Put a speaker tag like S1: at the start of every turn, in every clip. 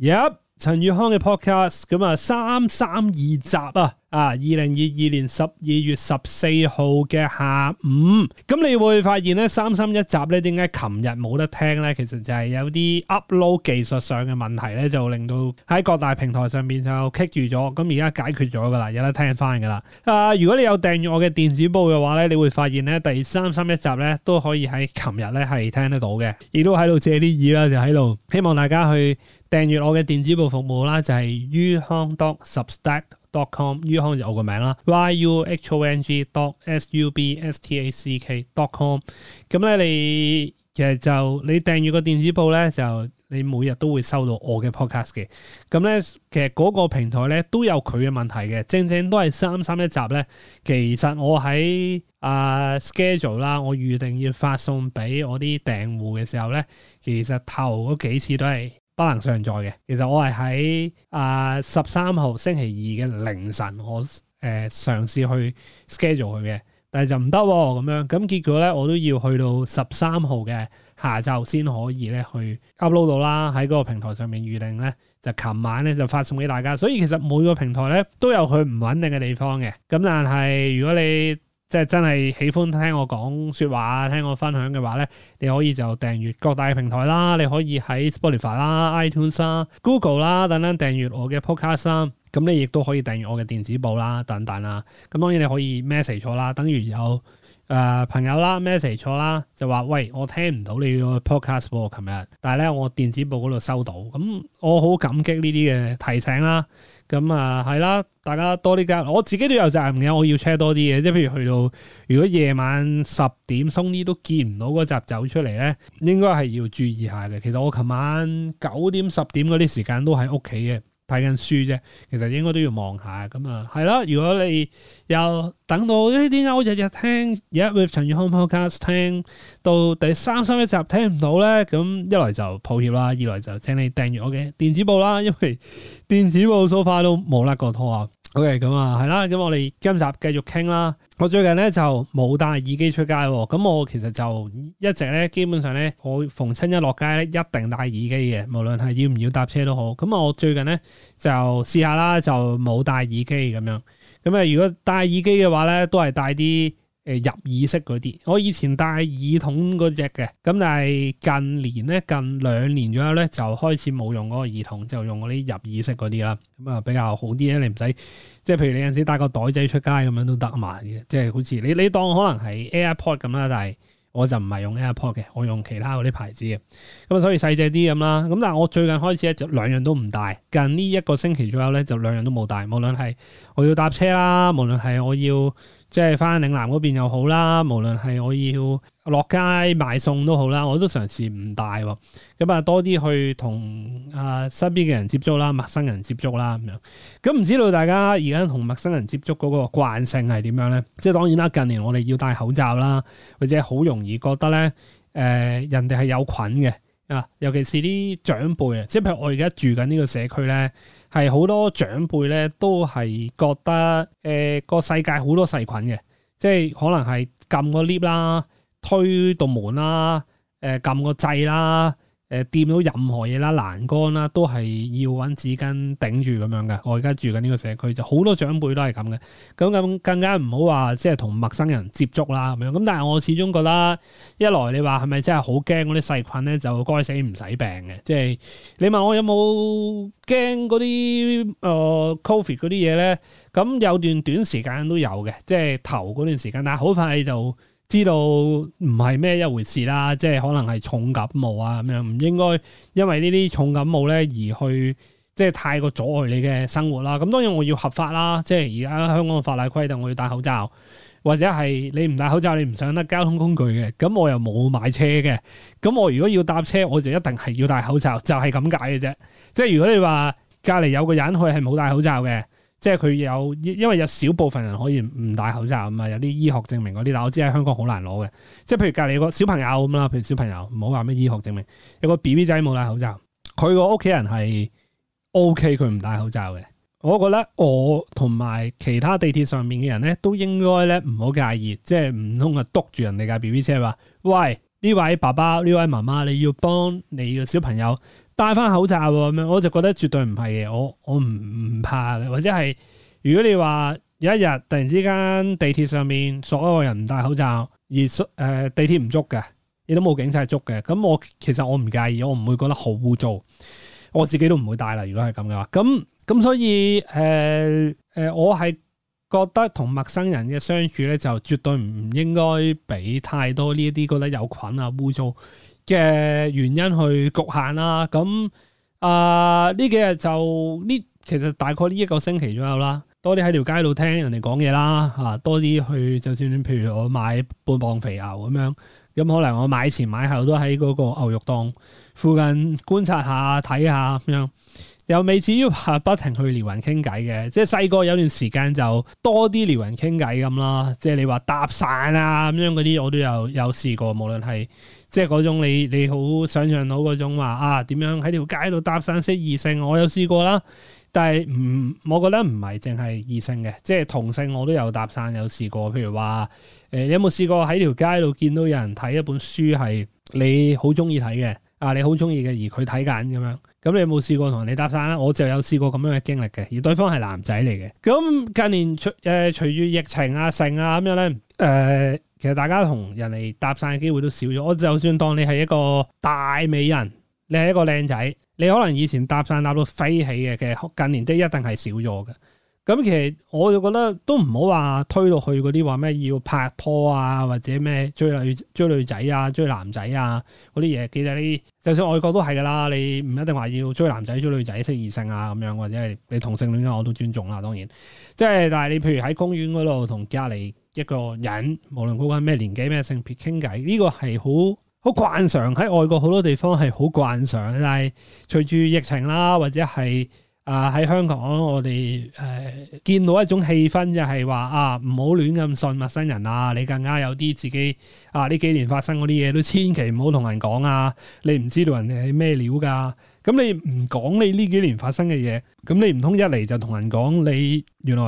S1: yep 陳宇康嘅 podcast 咁啊，三三二集啊！啊！二零二二年十二月十四號嘅下午，咁你會發現咧，三三一集咧，點解琴日冇得聽咧？其實就係有啲 upload 技術上嘅問題咧，就令到喺各大平台上面就棘住咗。咁而家解決咗噶啦，有得聽翻噶啦。啊，如果你有訂閱我嘅電子報嘅話咧，你會發現咧，第三三一集咧都可以喺琴日咧係聽得到嘅。亦都喺度借啲耳啦，就喺度希望大家去訂閱我嘅電子報服務啦，就係 Yukon Doc Substack dotcom，U hong 就我個名啦，Y U H O N G dot S, S U B S T A C K dot com，咁咧、嗯、你其實就你訂閱個電子報咧，就你每日都會收到我嘅 podcast 嘅。咁、嗯、咧其實嗰個平台咧都有佢嘅問題嘅，正正都係三三一集咧。其實我喺啊、uh, schedule 啦，我預定要發送俾我啲訂戶嘅時候咧，其實頭嗰幾次都係。可能上載嘅，其實我係喺啊十三號星期二嘅凌晨，我誒嘗試去 schedule 佢嘅，但係就唔得咁樣，咁結果咧我都要去到十三號嘅下晝先可以咧去 upload 到啦，喺嗰個平台上面預定咧，就琴晚咧就發送俾大家，所以其實每個平台咧都有佢唔穩定嘅地方嘅，咁但係如果你。即係真係喜歡聽我講説話，聽我分享嘅話咧，你可以就訂閱各大平台啦，你可以喺 Spotify 啦、iTunes 啦、Google 啦等等訂閱我嘅 podcast 啦、嗯。咁你亦都可以訂閱我嘅電子報啦，等等啦。咁、嗯、當然你可以 message 咗啦，等於有誒朋友啦 message 咗啦，就話喂，我聽唔到你個 podcast 播琴日，但係咧我電子報嗰度收到。咁、嗯、我好感激呢啲嘅提醒啦。咁啊，係啦、嗯，大家多啲交流，我自己都有隻眼嘅，我要 check 多啲嘅，即係譬如去到如果夜晚十點鬆啲都見唔到嗰隻走出嚟咧，應該係要注意下嘅。其實我琴晚九點十點嗰啲時間都喺屋企嘅。睇緊書啫，其實應該都要望下咁啊，係、嗯、咯。如果你又等到因點解我日聽我日聽而家 with 陳宇 HomePod 聽到第三三一集聽唔到咧，咁一來就抱歉啦，二來就請你訂閱我嘅電子報啦，因為電子報 so far 都冇甩過拖。啊。Ok，咁啊，係啦，咁我哋今集繼續傾啦。我最近咧就冇戴耳機出街，啊，咁、嗯、我其實就一直咧，基本上咧，我逢親一落街咧，一定戴耳機嘅，無論係要唔要搭車都好。咁我最近咧就試下啦，就冇戴耳機咁樣。咁、嗯、啊、嗯嗯嗯嗯嗯嗯嗯，如果戴耳機嘅話咧，都係戴啲。誒，入耳式嗰啲，我以前戴耳筒嗰隻嘅。咁但係近年咧，近兩年左右咧，就開始冇用嗰個耳筒，就用嗰啲入耳式嗰啲啦。咁啊比較好啲咧，你唔使即係，譬如你有陣時帶個袋仔出街咁樣都得啊嘛。即係好似你你當可能係 AirPod 咁啦，但係我就唔係用 AirPod 嘅，我用其他嗰啲牌子嘅。咁所以細隻啲咁啦。咁但係我最近開始咧，就兩樣都唔戴。近呢一個星期左右咧，就兩樣都冇戴，無論係我要搭車啦，無論係我要。即係翻嶺南嗰邊又好啦，無論係我要落街買餸都好啦，我都嘗試唔戴喎。咁啊，多啲去同啊身邊嘅人接觸啦，陌生，觸陌生人接觸啦咁樣。咁唔知道大家而家同陌生人接觸嗰個慣性係點樣咧？即係當然啦，近年我哋要戴口罩啦，或者好容易覺得咧，誒、呃、人哋係有菌嘅啊，尤其是啲長輩啊，即係譬如我而家住緊呢個社區咧。係好多長輩咧，都係覺得誒個、呃、世界好多細菌嘅，即係可能係撳個 lift 啦、推道門啦、誒、呃、撳個掣啦。誒掂到任何嘢啦，欄杆啦，都係要揾紙巾頂住咁樣嘅。我而家住緊呢個社區就好多長輩都係咁嘅，咁咁更加唔好話即係同陌生人接觸啦咁樣。咁但係我始終覺得一來你話係咪真係好驚嗰啲細菌咧就該死唔使病嘅，即係你問我有冇驚嗰啲誒 COVID 嗰啲嘢咧，咁有段短時間都有嘅，即係頭嗰段時間，但係好快就。知道唔係咩一回事啦，即係可能係重感冒啊咁樣，唔應該因為呢啲重感冒咧而去即係太過阻礙你嘅生活啦。咁當然我要合法啦，即係而家香港嘅法例規定我要戴口罩，或者係你唔戴口罩你唔上得交通工具嘅。咁我又冇買車嘅，咁我如果要搭車我就一定係要戴口罩，就係咁解嘅啫。即係如果你話隔離有個人佢係冇戴口罩嘅。即係佢有，因為有少部分人可以唔戴口罩咁啊，有啲醫學證明嗰啲，但我知喺香港好難攞嘅。即係譬如隔離有個小朋友咁啦，譬如小朋友唔好話咩醫學證明，有個 B B 仔冇戴口罩，佢個屋企人係 O K，佢唔戴口罩嘅。我覺得我同埋其他地鐵上面嘅人咧，都應該咧唔好介意，即係唔通啊督住人哋架 B B 車話：喂，呢位爸爸，呢位媽媽，你要幫你嘅小朋友。戴翻口罩咁樣，我就覺得絕對唔係嘅。我我唔唔怕，或者係如果你話有一日突然之間地鐵上面所有人唔戴口罩，而誒、呃、地鐵唔捉嘅，亦都冇警察捉嘅，咁我其實我唔介意，我唔會覺得好污糟，我自己都唔會戴啦。如果係咁嘅話，咁咁所以誒誒、呃呃，我係覺得同陌生人嘅相處咧，就絕對唔應該俾太多呢一啲覺得有菌啊、污糟嘅原因去局限啦，咁啊呢幾日就呢，其實大概呢一個星期左右啦，多啲喺條街度聽人哋講嘢啦，吓多啲去，就算譬如我買半磅肥牛咁樣，咁可能我買前買後都喺嗰個牛肉檔附近觀察下睇下咁樣。又未至於不停去撩人傾偈嘅，即係細個有段時間就多啲撩人傾偈咁啦。即係你話搭訕啊咁樣嗰啲，我都有有試過。無論係即係嗰種你你好想像到嗰種話啊，點樣喺條街度搭訕識異性，我有試過啦。但係唔，我覺得唔係淨係異性嘅，即係同性我都有搭訕有試過。譬如話，呃，你有冇試過喺條街度見到有人睇一本書係你好中意睇嘅？啊，你好中意嘅，而佢睇緊咁樣，咁你有冇試過同人哋搭訕啦？我就有試過咁樣嘅經歷嘅，而對方係男仔嚟嘅。咁近年隨誒、呃、隨住疫情啊、城啊咁樣咧，誒、呃、其實大家同人哋搭訕嘅機會都少咗。我就算當你係一個大美人，你係一個靚仔，你可能以前搭訕搭到飛起嘅，嘅，近年都一定係少咗嘅。咁其實我就覺得都唔好話推落去嗰啲話咩要拍拖啊，或者咩追女追女仔啊，追男仔啊嗰啲嘢。其實你就算外國都係㗎啦，你唔一定話要追男仔追女仔，識異性啊咁樣，或者係你同性戀啊，我都尊重啦。當然，即係但係你譬如喺公園嗰度同隔離一個人，無論嗰個咩年紀咩性別傾偈，呢個係好好慣常，喺外國好多地方係好慣常。但係隨住疫情啦，或者係。啊！喺香港，我哋誒、呃、見到一種氣氛就，就係話啊，唔好亂咁信陌生人啊！你更加有啲自己啊，呢幾年發生嗰啲嘢都千祈唔好同人講啊！你唔知道人哋係咩料㗎？咁你唔講你呢幾年發生嘅嘢，咁你唔通一嚟就同人講你原來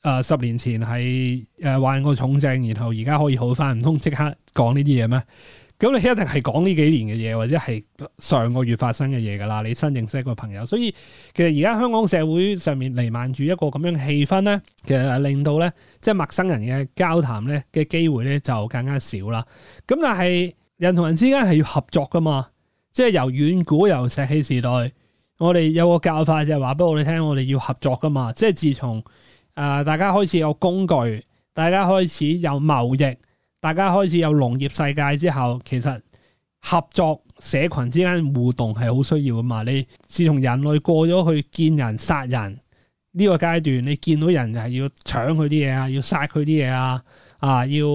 S1: 啊、呃、十年前係誒患過重症，然後而家可以好返，唔通即刻講呢啲嘢咩？咁你一定係講呢幾年嘅嘢，或者係上個月發生嘅嘢噶啦。你新認識一個朋友，所以其實而家香港社會上面瀰漫住一個咁樣氣氛咧，其實令到咧，即係陌生人嘅交談咧嘅機會咧就更加少啦。咁但係人同人之間係要合作噶嘛，即係由遠古由石器時代，我哋有個教法就係話俾我哋聽，我哋要合作噶嘛。即係自從誒、呃、大家開始有工具，大家開始有貿易。大家開始有農業世界之後，其實合作社群之間互動係好需要㗎嘛。你自從人類過咗去見人殺人呢個階段，你見到人就係要搶佢啲嘢啊，要殺佢啲嘢啊，啊要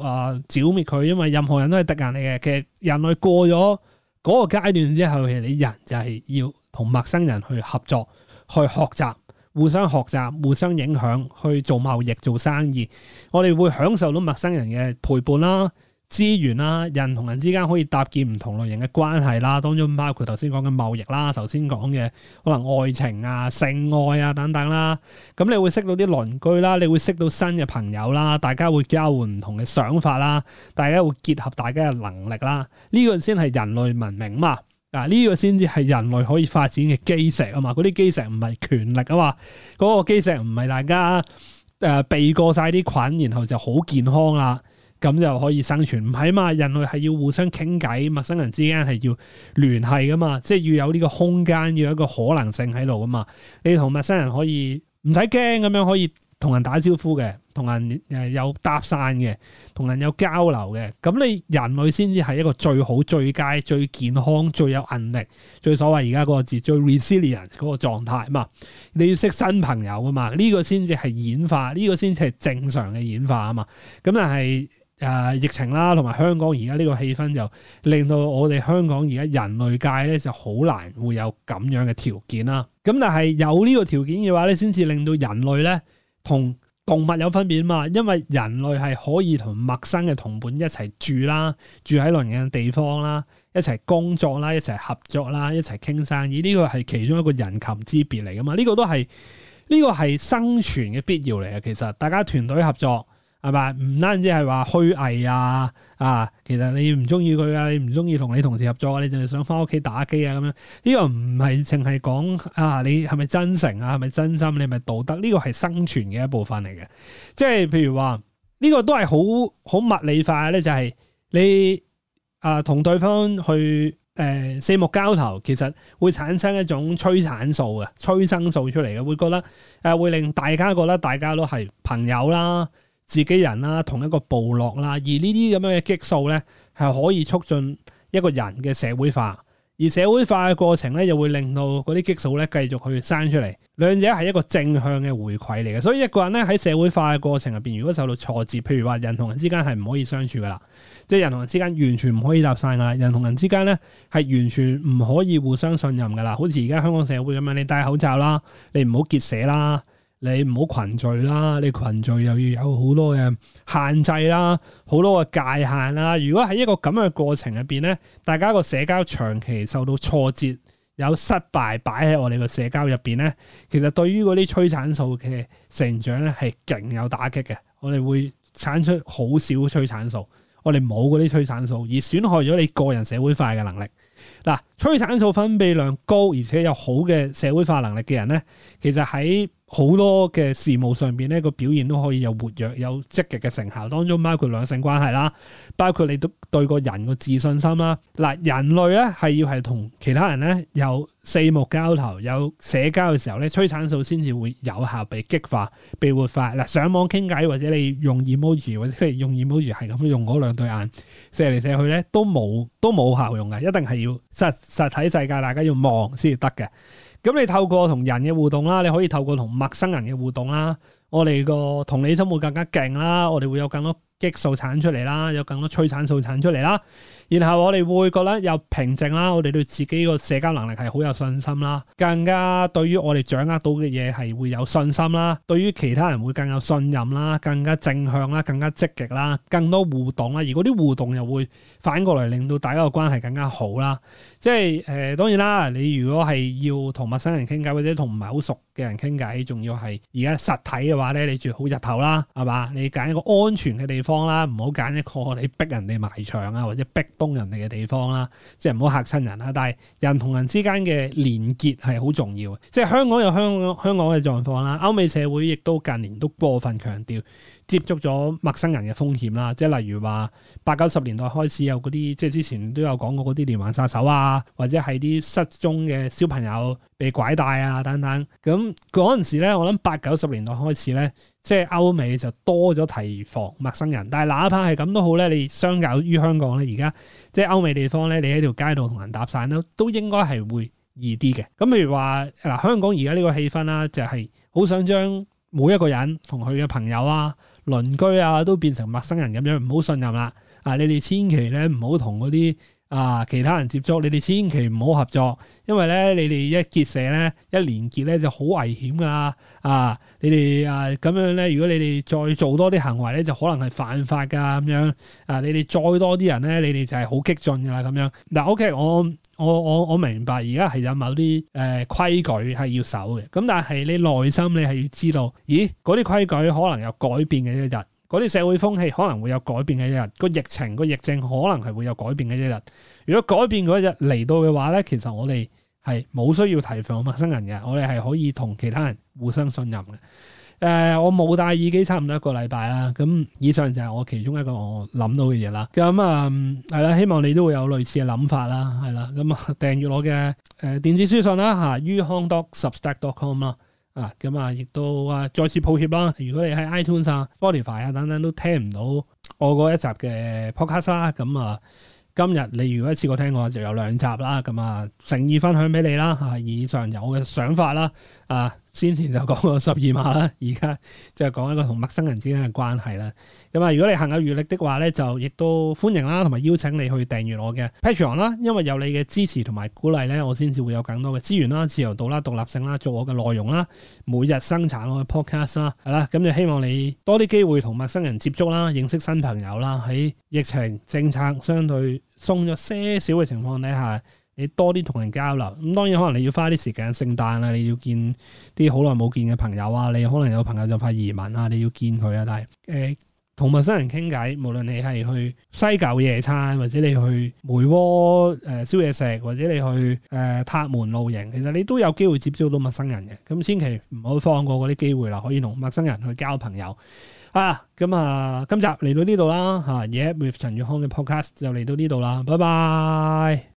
S1: 啊剿滅佢，因為任何人都係敵人嚟嘅。其實人類過咗嗰個階段之後，其實你人就係要同陌生人去合作，去學習。互相學習、互相影響，去做貿易、做生意，我哋會享受到陌生人嘅陪伴啦、資源啦，人同人之間可以搭建唔同類型嘅關係啦，當中包括頭先講嘅貿易啦，頭先講嘅可能愛情啊、性愛啊等等啦，咁你會識到啲鄰居啦，你會識到新嘅朋友啦，大家會交換唔同嘅想法啦，大家會結合大家嘅能力啦，呢個先係人類文明嘛。嗱，呢個先至係人類可以發展嘅基石啊嘛，嗰啲基石唔係權力啊嘛，嗰個基石唔係大家誒避過晒啲菌，然後就好健康啦，咁就可以生存唔係嘛？人類係要互相傾偈，陌生人之間係要聯繫噶嘛，即係要有呢個空間，要有一個可能性喺度噶嘛，你同陌生人可以唔使驚咁樣可以。同人打招呼嘅，同人誒、呃、有搭訕嘅，同人有交流嘅，咁你人類先至係一個最好、最佳、最健康、最有韌力、最所謂而家嗰個字最 resilient 嗰個狀態嘛。你要識新朋友啊嘛？呢、呢個先至係演化，呢、呢個先至係正常嘅演化啊嘛。咁但係誒、呃、疫情啦，同埋香港而家呢個氣氛就令到我哋香港而家人類界咧就好難會有咁樣嘅條件啦。咁但係有呢個條件嘅話，咧，你先至令到人類咧。同動物有分別嘛？因為人類係可以同陌生嘅同伴一齊住啦，住喺鄰近嘅地方啦，一齊工作啦，一齊合作啦，一齊傾生意。呢個係其中一個人禽之別嚟噶嘛？呢、呢個都係呢、呢個係生存嘅必要嚟嘅。其實大家團隊合作。係咪唔單止係話虛偽啊？啊，其實你唔中意佢啊，你唔中意同你同事合作，你淨係想翻屋企打機啊？咁樣呢個唔係淨係講啊，你係咪真誠啊？係咪真、啊、真心？你係咪道德？呢、這個係生存嘅一部分嚟嘅。即係譬如話呢、這個都係好好物理化咧，就係、是、你啊同對方去誒、呃、四目交投，其實會產生一種催產素嘅催生素出嚟嘅，會覺得誒、啊、會令大家覺得大家都係朋友啦。自己人啦，同一個部落啦，而呢啲咁樣嘅激素咧，係可以促進一個人嘅社會化，而社會化嘅過程咧，又會令到嗰啲激素咧繼續去生出嚟，兩者係一個正向嘅回饋嚟嘅。所以一個人咧，喺社會化嘅過程入邊，如果受到挫折，譬如話人同人之間係唔可以相處噶啦，即係人同人之間完全唔可以搭訕噶啦，人同人之間咧係完全唔可以互相信任噶啦，好似而家香港社會咁樣，你戴口罩啦，你唔好結社啦。你唔好群聚啦，你群聚又要有好多嘅限制啦，好多嘅界限啦。如果喺一個咁嘅過程入邊咧，大家個社交長期受到挫折，有失敗擺喺我哋個社交入邊咧，其實對於嗰啲催產素嘅成長咧係勁有打擊嘅。我哋會產出好少催產素，我哋冇嗰啲催產素，而損害咗你個人社會化嘅能力。嗱，催產素分泌量高而且有好嘅社會化能力嘅人咧，其實喺好多嘅事務上邊咧，個表現都可以有活躍、有積極嘅成效。當中包括兩性關係啦，包括你都對個人個自信心啦。嗱，人類咧係要係同其他人咧有四目交投，有社交嘅時候咧，催產素先至會有效被激化、被活化。嗱，上網傾偈或者你用 emoji 或者你用 emoji 係咁用嗰兩對眼射嚟射去咧，都冇都冇效用嘅。一定係要實實體世界，大家要望先至得嘅。咁你透過同人嘅互動啦，你可以透過同陌生人嘅互動啦，我哋個同理心會更加勁啦，我哋會有更多激素產出嚟啦，有更多催產素產出嚟啦，然後我哋會覺得又平靜啦，我哋對自己個社交能力係好有信心啦，更加對於我哋掌握到嘅嘢係會有信心啦，對於其他人會更有信任啦，更加正向啦，更加積極啦，更多互動啦，而嗰啲互動又會反過來令到大家個關係更加好啦。即係誒、呃、當然啦，你如果係要同陌生人傾偈，或者同唔係好熟嘅人傾偈，仲要係而家實體嘅話咧，你住好日頭啦，係嘛？你揀一個安全嘅地方啦，唔好揀一個你逼人哋埋牆啊，或者逼東人哋嘅地方啦，即係唔好嚇親人啦。但係人同人之間嘅連結係好重要，即係香港有香港，香港嘅狀況啦，歐美社會亦都近年都過分強調。接觸咗陌生人嘅風險啦，即係例如話八九十年代開始有嗰啲，即係之前都有講過嗰啲連環殺手啊，或者係啲失蹤嘅小朋友被拐帶啊等等。咁嗰陣時咧，我諗八九十年代開始咧，即係歐美就多咗提防陌生人。但係哪怕係咁都好咧，你相較於香港咧，而家即係歐美地方咧，你喺條街度同人搭訕啦，都應該係會易啲嘅。咁譬如話嗱，香港而家呢個氣氛啦、啊，就係、是、好想將每一個人同佢嘅朋友啊～鄰居啊，都變成陌生人咁樣，唔好信任啦！啊，你哋千祈咧唔好同嗰啲啊其他人接觸，你哋千祈唔好合作，因為咧你哋一結社咧一連結咧就好危險㗎啦！啊，你哋啊咁樣咧，如果你哋再做多啲行為咧，就可能係犯法㗎咁樣啊！你哋再多啲人咧，你哋就係好激進㗎啦咁樣。嗱，OK，我。我我我明白，而家係有某啲誒、呃、規矩係要守嘅，咁但係你內心你係要知道，咦嗰啲規矩可能有改變嘅一日，嗰啲社會風氣可能，有可能會有改變嘅一日，個疫情個疫症可能係會有改變嘅一日。如果改變嗰日嚟到嘅話咧，其實我哋係冇需要提防陌生人嘅，我哋係可以同其他人互相信任嘅。誒、呃，我冇戴耳機，差唔多一個禮拜啦。咁以上就係我其中一個我諗到嘅嘢啦。咁、嗯、啊，係啦，希望你都會有類似嘅諗法啦。係啦，咁、嗯、啊，訂閱我嘅誒、呃、電子書信啦，嚇，於康 dog.substack.com 啦。啊，咁啊，亦、啊、都啊，再次抱歉啦。如果你喺 iTunes 啊、Spotify 啊等等都聽唔到我嗰一集嘅 podcast 啦、啊。咁啊，今日你如果一次過聽我就有兩集啦。咁啊，誠、啊、意分享俾你啦。嚇、啊，以上就我嘅想法啦。啊！啊先前就講過十二碼啦，而家就講一個同陌生人之間嘅關係啦。咁啊，如果你行有餘力的話咧，就亦都歡迎啦，同埋邀請你去訂閱我嘅 Patreon 啦。因為有你嘅支持同埋鼓勵咧，我先至會有更多嘅資源啦、自由度啦、獨立性啦，做我嘅內容啦，每日生產我嘅 podcast 啦，係啦。咁就希望你多啲機會同陌生人接觸啦，認識新朋友啦。喺疫情政策相對鬆咗些少嘅情況底下。你多啲同人交流，咁當然可能你要花啲時間，聖誕啊，你要見啲好耐冇見嘅朋友啊，你可能有朋友就怕移民啊，你要見佢啊。但係誒，同陌生人傾偈，無論你係去西九野餐，或者你去梅窩誒燒嘢食，或者你去誒塔門露營，其實你都有機會接觸到陌生人嘅。咁千祈唔好放過嗰啲機會啦，可以同陌生人去交朋友啊。咁啊，今集嚟到呢度啦嚇，嘢 with 陳宇康嘅 podcast 就嚟到呢度啦，拜拜。